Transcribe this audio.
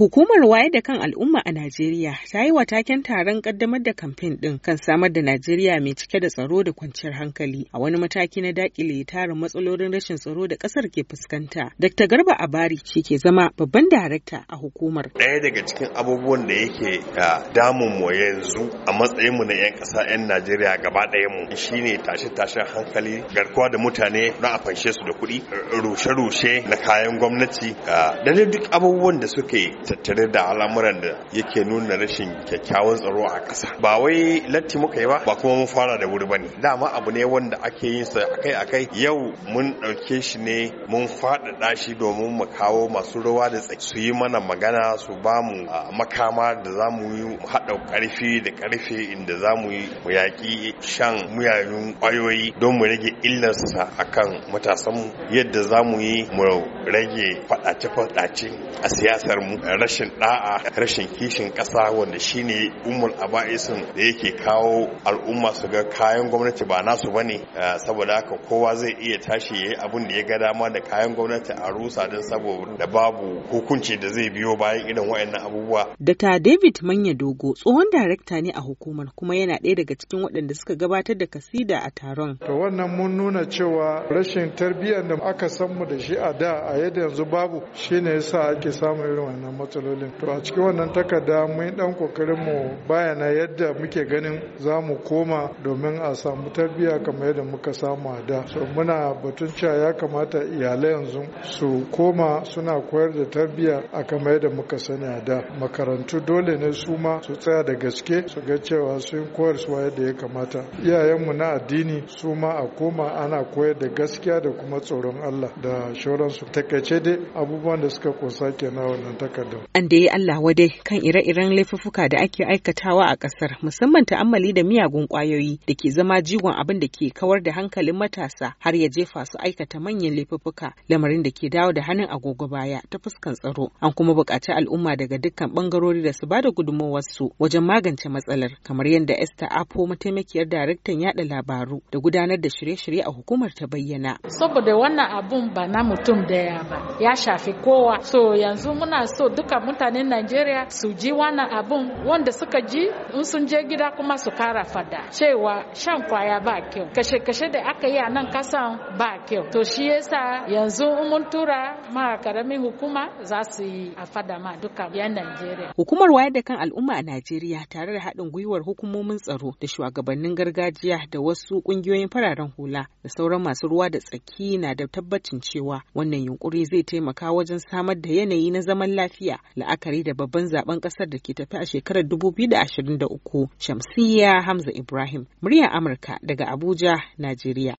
Hukumar waye da kan al'umma a Najeriya ta yi wa taken taron kaddamar da kamfen ɗin kan samar da Najeriya mai cike da tsaro da kwanciyar hankali a wani mataki na dakile tarin matsalolin rashin tsaro da ƙasar ke fuskanta. Dr. Garba Abari shi ke zama babban darakta a hukumar. Ɗaya daga cikin abubuwan da yake damun mu yanzu a matsayin mu na 'yan ƙasa 'yan Najeriya gaba ɗaya mu shine tashe-tashen hankali garkuwa da mutane don a fanshe su da kuɗi rushe-rushe na kayan gwamnati da duk abubuwan da suke tattare da al'amuran da yake nuna rashin kyakkyawan tsaro a ƙasa ba wai latti muka yi ba ba kuma mun fara da wuri bane dama abu ne wanda ake yin sa akai akai yau mun ɗauke shi ne mun faɗaɗa shi domin mu kawo masu ruwa da tsaki su yi mana magana su ba mu makama da za mu yi haɗa ƙarfi da ƙarfe inda za mu yi mu yaƙi shan muyayun ƙwayoyi don mu rage illarsa akan matasanmu yadda za mu yi mu rage faɗace-faɗace a siyasar mu rashin da'a rashin kishin kasa wanda shine umul aba'isin da yake kawo al'umma su ga kayan gwamnati ba nasu bane ah, saboda haka kowa zai iya tashi yayi abin da ya ga dama da kayan gwamnati a rusa don saboda babu hukunci da zai biyo bayan irin waɗannan abubuwa. Dr. David Manya Dogo tsohon director ne a hukumar kuma yana ɗaya daga cikin waɗanda suka gabatar da kasida a taron. To wannan mun nuna cewa rashin tarbiyyar da aka san mu da shi a da a yadda yanzu babu shine yasa ake samun irin wannan matsalolin to a cikin wannan takarda mun dan kokarin mu bayana yadda muke ganin za mu koma domin a samu tarbiyya kamar yadda muka samu a da so muna batun cewa ya kamata iyalai yanzu su koma suna koyar da tarbiyya a kamar yadda muka sani a da makarantu dole ne su ma su tsaya da gaske su ga cewa sun koyar su yadda ya kamata iyayenmu na addini su ma a koma ana koyar da gaskiya da kuma tsoron Allah da shauransu takaice dai abubuwan da suka kunsa kenan wannan takarda An da yi Allah wadai kan ire-iren laifuffuka da ake aikatawa a ƙasar musamman ta'ammali da miyagun ƙwayoyi da ke zama jigon abin da ke kawar da hankalin matasa har ya jefa su aikata manyan laifuffuka lamarin da ke dawo da hannun agogo baya ta fuskan tsaro. An kuma buƙaci al'umma daga dukkan ɓangarori da su ba da su wajen magance matsalar kamar yadda Esther Apo mataimakiyar daraktan yada labaru da gudanar da shirye-shirye a hukumar ta bayyana. Saboda wannan abun ba na mutum daya ba ya shafi kowa so yanzu muna so duka mutanen Najeriya su ji wannan abun wanda suka ji in sun je gida kuma su kara fada cewa shan kwaya ba kyau kashe-kashe da aka yi a nan kasan ba kyau to shi yasa yanzu mun tura ma karamin hukuma za su yi a fada ma duka yan Najeriya hukumar wayar da kan al'umma a Najeriya tare da haɗin gwiwar hukumomin tsaro da shugabannin gargajiya da wasu ƙungiyoyin fararen hula da sauran masu ruwa da tsaki na da tabbacin cewa wannan yunkuri zai taimaka wajen samar da yanayi na zaman lafiya lafiya la'akari da babban zaben kasar da ke tafi a shekarar 2023 shamsiya hamza ibrahim muryar amurka daga abuja najeriya